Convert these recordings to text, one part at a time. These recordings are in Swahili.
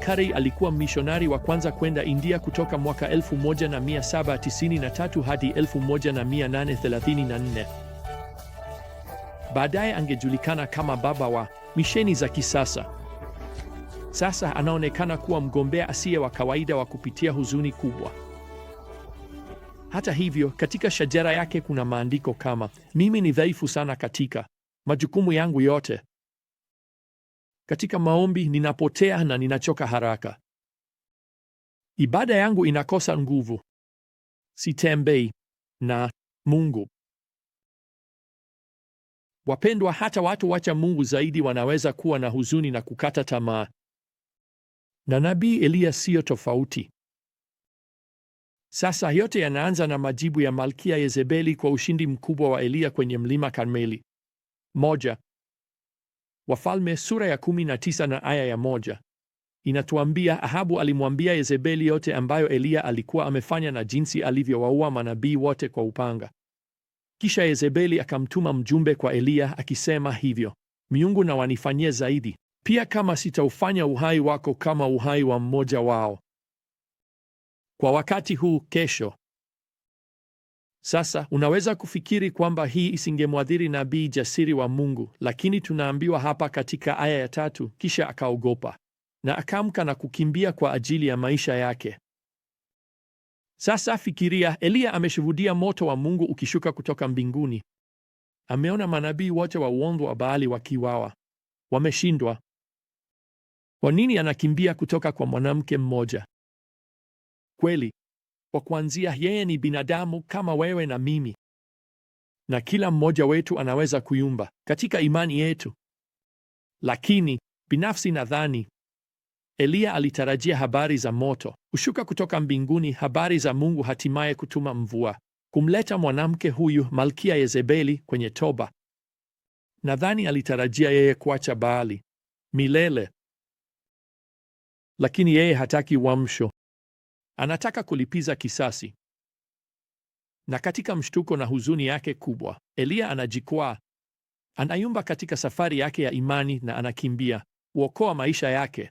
Carey alikuwa mishonari wa kwanza kwenda India kutoka mwaka 1793 hadi 1834. Baadaye angejulikana kama baba wa misheni za kisasa. Sasa anaonekana kuwa mgombea asiye wa kawaida wa kupitia huzuni kubwa. Hata hivyo, katika shajara yake kuna maandiko kama mimi ni dhaifu sana katika majukumu yangu yote katika maombi ninapotea na ninachoka haraka. Ibada yangu inakosa nguvu. Sitembei na Mungu. Wapendwa, hata watu wacha Mungu zaidi wanaweza kuwa na huzuni na kukata tamaa, na nabii Eliya siyo tofauti. Sasa yote yanaanza na majibu ya Malkia Yezebeli kwa ushindi mkubwa wa Eliya kwenye mlima Karmeli. Moja. Wafalme sura ya 19 na aya ya moja inatuambia Ahabu alimwambia Yezebeli yote ambayo Eliya alikuwa amefanya na jinsi alivyowaua manabii wote kwa upanga. Kisha Yezebeli akamtuma mjumbe kwa Eliya akisema, hivyo miungu na wanifanyie zaidi, pia kama sitaufanya uhai wako kama uhai wa mmoja wao. Kwa wakati huu kesho sasa unaweza kufikiri kwamba hii isingemwadhiri nabii jasiri wa Mungu, lakini tunaambiwa hapa katika aya ya tatu, kisha akaogopa na akaamka na kukimbia kwa ajili ya maisha yake. Sasa fikiria, Eliya ameshuhudia moto wa Mungu ukishuka kutoka mbinguni. Ameona manabii wote wa uongo wa Baali wakiwawa, wameshindwa. Kwa nini anakimbia kutoka kwa mwanamke mmoja? Kweli, kwa kuanzia, yeye ni binadamu kama wewe na mimi, na kila mmoja wetu anaweza kuyumba katika imani yetu. Lakini binafsi nadhani Eliya alitarajia habari za moto, kushuka kutoka mbinguni, habari za Mungu hatimaye kutuma mvua, kumleta mwanamke huyu Malkia Yezebeli kwenye toba. Nadhani alitarajia yeye kuacha Baali milele, lakini yeye hataki uamsho. Anataka kulipiza kisasi. Na katika mshtuko na huzuni yake kubwa, Eliya anajikwaa, anayumba katika safari yake ya imani na anakimbia uokoa maisha yake.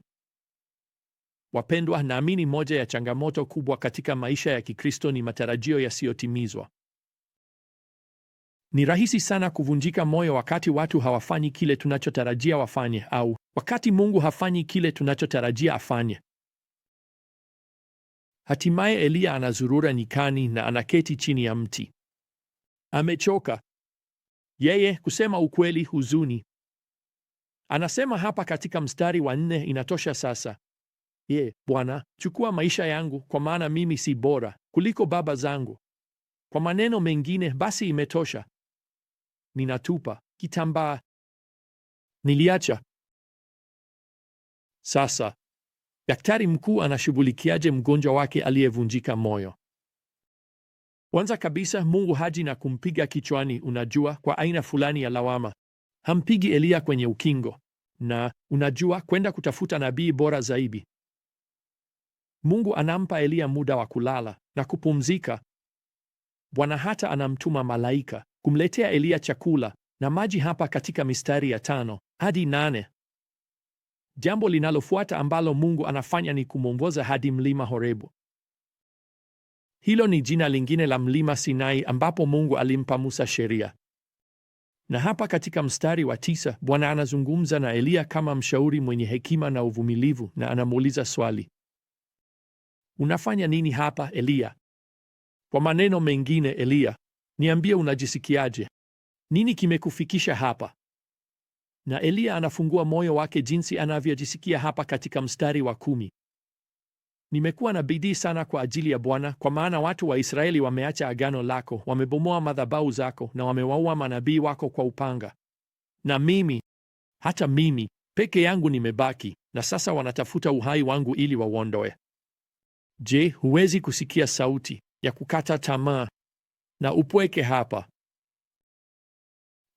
Wapendwa, naamini moja ya changamoto kubwa katika maisha ya Kikristo ni matarajio yasiyotimizwa. Ni rahisi sana kuvunjika moyo wakati watu hawafanyi kile tunachotarajia wafanye, au wakati Mungu hafanyi kile tunachotarajia afanye. Hatimaye Eliya anazurura nyikani na anaketi chini ya mti. Amechoka yeye, kusema ukweli, huzuni. Anasema hapa katika mstari wa nne, inatosha sasa. Ye Bwana, chukua maisha yangu, kwa maana mimi si bora kuliko baba zangu. Kwa maneno mengine, basi imetosha, ninatupa kitambaa, niliacha sasa Daktari mkuu anashughulikiaje mgonjwa wake aliyevunjika moyo? Kwanza kabisa, Mungu haji na kumpiga kichwani, unajua, kwa aina fulani ya lawama. Hampigi Eliya kwenye ukingo na unajua, kwenda kutafuta nabii bora zaidi. Mungu anampa Eliya muda wa kulala na kupumzika. Bwana hata anamtuma malaika kumletea Eliya chakula na maji hapa katika mistari ya tano hadi nane. Jambo linalofuata ambalo Mungu anafanya ni kumwongoza hadi mlima Horebu. Hilo ni jina lingine la mlima Sinai ambapo Mungu alimpa Musa sheria. Na hapa katika mstari wa tisa, Bwana anazungumza na Eliya kama mshauri mwenye hekima na uvumilivu na anamuuliza swali. Unafanya nini hapa Eliya? Kwa maneno mengine, Eliya, niambie unajisikiaje? Nini kimekufikisha hapa? na Eliya anafungua moyo wake jinsi anavyojisikia hapa katika mstari wa kumi: nimekuwa na bidii sana kwa ajili ya Bwana, kwa maana watu wa Israeli wameacha agano lako, wamebomoa madhabahu zako na wamewaua manabii wako kwa upanga, na mimi hata mimi peke yangu nimebaki, na sasa wanatafuta uhai wangu ili wauondoe. Je, huwezi kusikia sauti ya kukata tamaa na upweke hapa?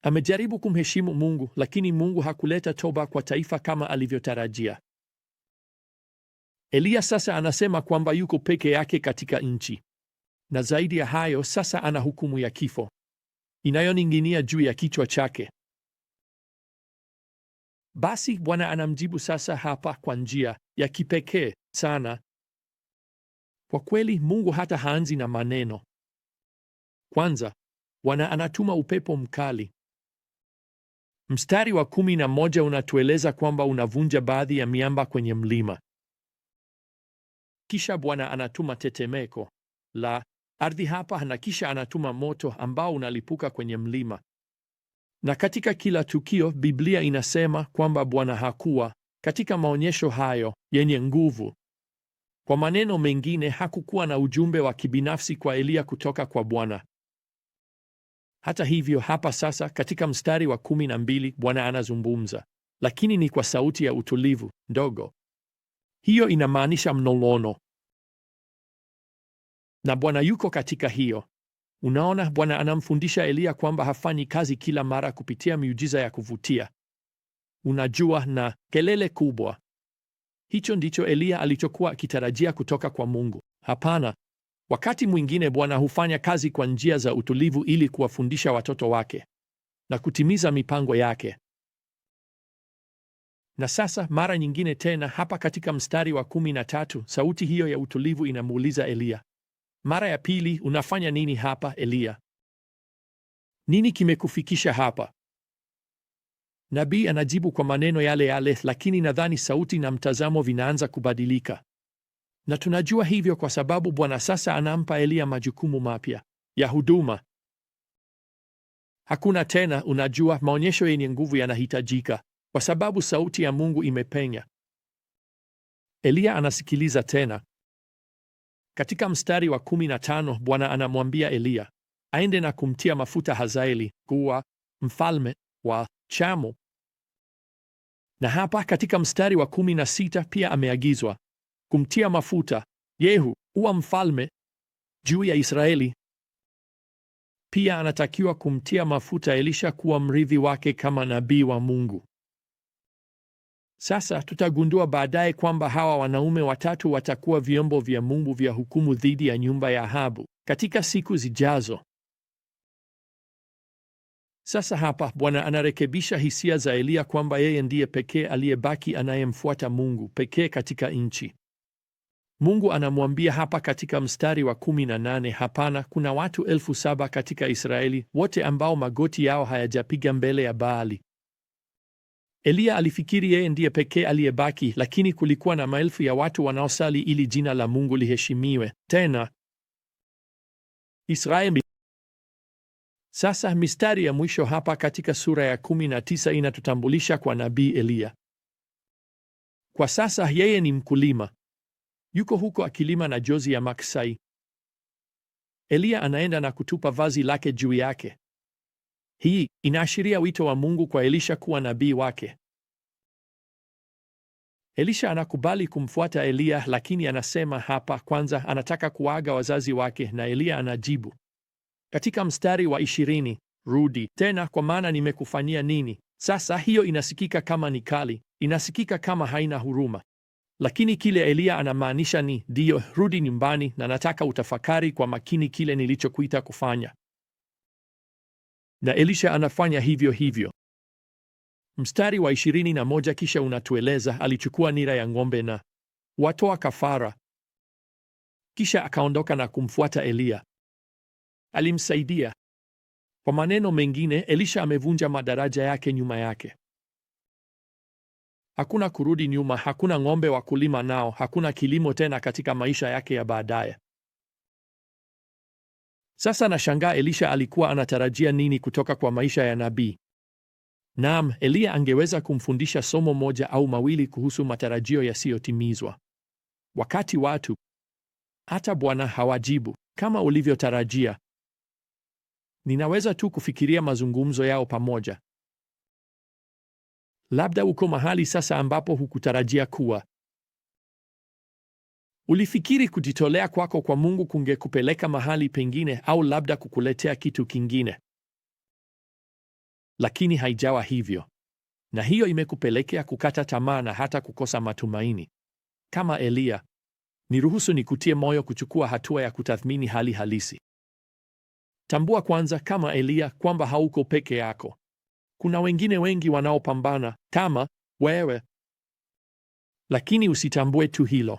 Amejaribu kumheshimu Mungu, lakini Mungu hakuleta toba kwa taifa kama alivyotarajia. Eliya sasa anasema kwamba yuko peke yake katika nchi, na zaidi ya hayo, sasa ana hukumu ya kifo inayoning'inia juu ya kichwa chake. Basi Bwana anamjibu sasa hapa kwa njia ya kipekee sana. Kwa kweli, Mungu hata haanzi na maneno. Kwanza, Bwana anatuma upepo mkali Mstari wa kumi na moja unatueleza kwamba unavunja baadhi ya miamba kwenye mlima. Kisha Bwana anatuma tetemeko la ardhi hapa, na kisha anatuma moto ambao unalipuka kwenye mlima. Na katika kila tukio, Biblia inasema kwamba Bwana hakuwa katika maonyesho hayo yenye nguvu. Kwa maneno mengine, hakukuwa na ujumbe wa kibinafsi kwa Eliya kutoka kwa Bwana. Hata hivyo, hapa sasa katika mstari wa kumi na mbili Bwana anazungumza, lakini ni kwa sauti ya utulivu ndogo. Hiyo inamaanisha mnolono, na Bwana yuko katika hiyo. Unaona, Bwana anamfundisha Eliya kwamba hafanyi kazi kila mara kupitia miujiza ya kuvutia, unajua, na kelele kubwa. Hicho ndicho Eliya alichokuwa akitarajia kutoka kwa Mungu? Hapana. Wakati mwingine Bwana hufanya kazi kwa njia za utulivu ili kuwafundisha watoto wake na kutimiza mipango yake. Na sasa mara nyingine tena hapa katika mstari wa kumi na tatu, sauti hiyo ya utulivu inamuuliza Eliya mara ya pili, unafanya nini hapa Eliya? Nini kimekufikisha hapa? Nabii anajibu kwa maneno yale yale, lakini nadhani sauti na mtazamo vinaanza kubadilika na tunajua hivyo kwa sababu Bwana sasa anampa Eliya majukumu mapya ya huduma. Hakuna tena, unajua, maonyesho yenye nguvu yanahitajika kwa sababu sauti ya Mungu imepenya. Eliya anasikiliza tena. Katika mstari wa 15 Bwana anamwambia Eliya aende na kumtia mafuta Hazaeli kuwa mfalme wa Chamu. Na hapa katika mstari wa 16 pia ameagizwa kumtia mafuta Yehu uwa mfalme juu ya Israeli. Pia anatakiwa kumtia mafuta Elisha kuwa mrithi wake kama nabii wa Mungu. Sasa tutagundua baadaye kwamba hawa wanaume watatu watakuwa vyombo vya Mungu vya hukumu dhidi ya nyumba ya Ahabu katika siku zijazo. Sasa hapa Bwana anarekebisha hisia za Eliya kwamba yeye ndiye pekee aliyebaki anayemfuata Mungu pekee katika nchi. Mungu anamwambia hapa katika mstari wa kumi na nane, hapana, kuna watu elfu saba katika Israeli wote ambao magoti yao hayajapiga mbele ya Baali. Eliya alifikiri yeye ndiye pekee aliyebaki, lakini kulikuwa na maelfu ya watu wanaosali ili jina la Mungu liheshimiwe tena Israeli. Sasa mistari ya mwisho hapa katika sura ya 19 inatutambulisha kwa nabii Eliya. Kwa sasa yeye ni mkulima Yuko huko akilima na jozi ya maksai. Eliya anaenda na kutupa vazi lake juu yake. Hii inaashiria wito wa Mungu kwa Elisha kuwa nabii wake. Elisha anakubali kumfuata Eliya, lakini anasema hapa kwanza anataka kuaga wazazi wake, na Eliya anajibu katika mstari wa ishirini, rudi tena, kwa maana nimekufanyia nini? Sasa hiyo inasikika kama ni kali, inasikika kama haina huruma. Lakini kile Eliya anamaanisha ni ndiyo, rudi nyumbani, na nataka utafakari kwa makini kile nilichokuita kufanya. Na Elisha anafanya hivyo hivyo. Mstari wa ishirini na moja kisha unatueleza alichukua nira ya ng'ombe na watoa kafara, kisha akaondoka na kumfuata Eliya, alimsaidia. Kwa maneno mengine, Elisha amevunja madaraja yake nyuma yake. Hakuna kurudi nyuma, hakuna ng'ombe wa kulima nao, hakuna kilimo tena katika maisha yake ya baadaye. Sasa nashangaa Elisha alikuwa anatarajia nini kutoka kwa maisha ya nabii? Naam, Eliya angeweza kumfundisha somo moja au mawili kuhusu matarajio yasiyotimizwa wakati watu hata Bwana hawajibu kama ulivyotarajia. Ninaweza tu kufikiria mazungumzo yao pamoja. Labda uko mahali sasa ambapo hukutarajia kuwa. Ulifikiri kujitolea kwako kwa Mungu kungekupeleka mahali pengine au labda kukuletea kitu kingine, lakini haijawa hivyo, na hiyo imekupelekea kukata tamaa na hata kukosa matumaini kama Eliya. Niruhusu nikutie moyo kuchukua hatua ya kutathmini hali halisi. Tambua kwanza, kama Eliya, kwamba hauko peke yako kuna wengine wengi wanaopambana kama wewe, lakini usitambue tu hilo.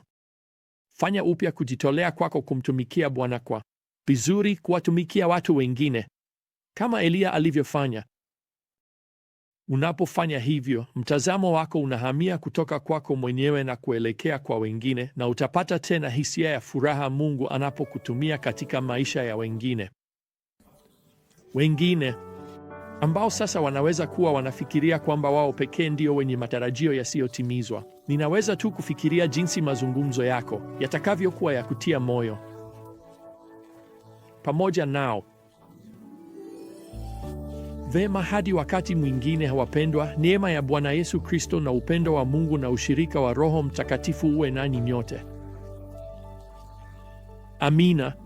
Fanya upya kujitolea kwako kumtumikia Bwana kwa vizuri, kuwatumikia watu wengine kama Eliya alivyofanya. Unapofanya hivyo, mtazamo wako unahamia kutoka kwako mwenyewe na kuelekea kwa wengine, na utapata tena hisia ya furaha Mungu anapokutumia katika maisha ya wengine wengine ambao sasa wanaweza kuwa wanafikiria kwamba wao pekee ndio wenye matarajio yasiyotimizwa. Ninaweza tu kufikiria jinsi mazungumzo yako yatakavyokuwa ya kutia moyo pamoja nao. Vema, hadi wakati mwingine, wapendwa. Neema ya Bwana Yesu Kristo na upendo wa Mungu na ushirika wa Roho Mtakatifu uwe nanyi nyote. Amina.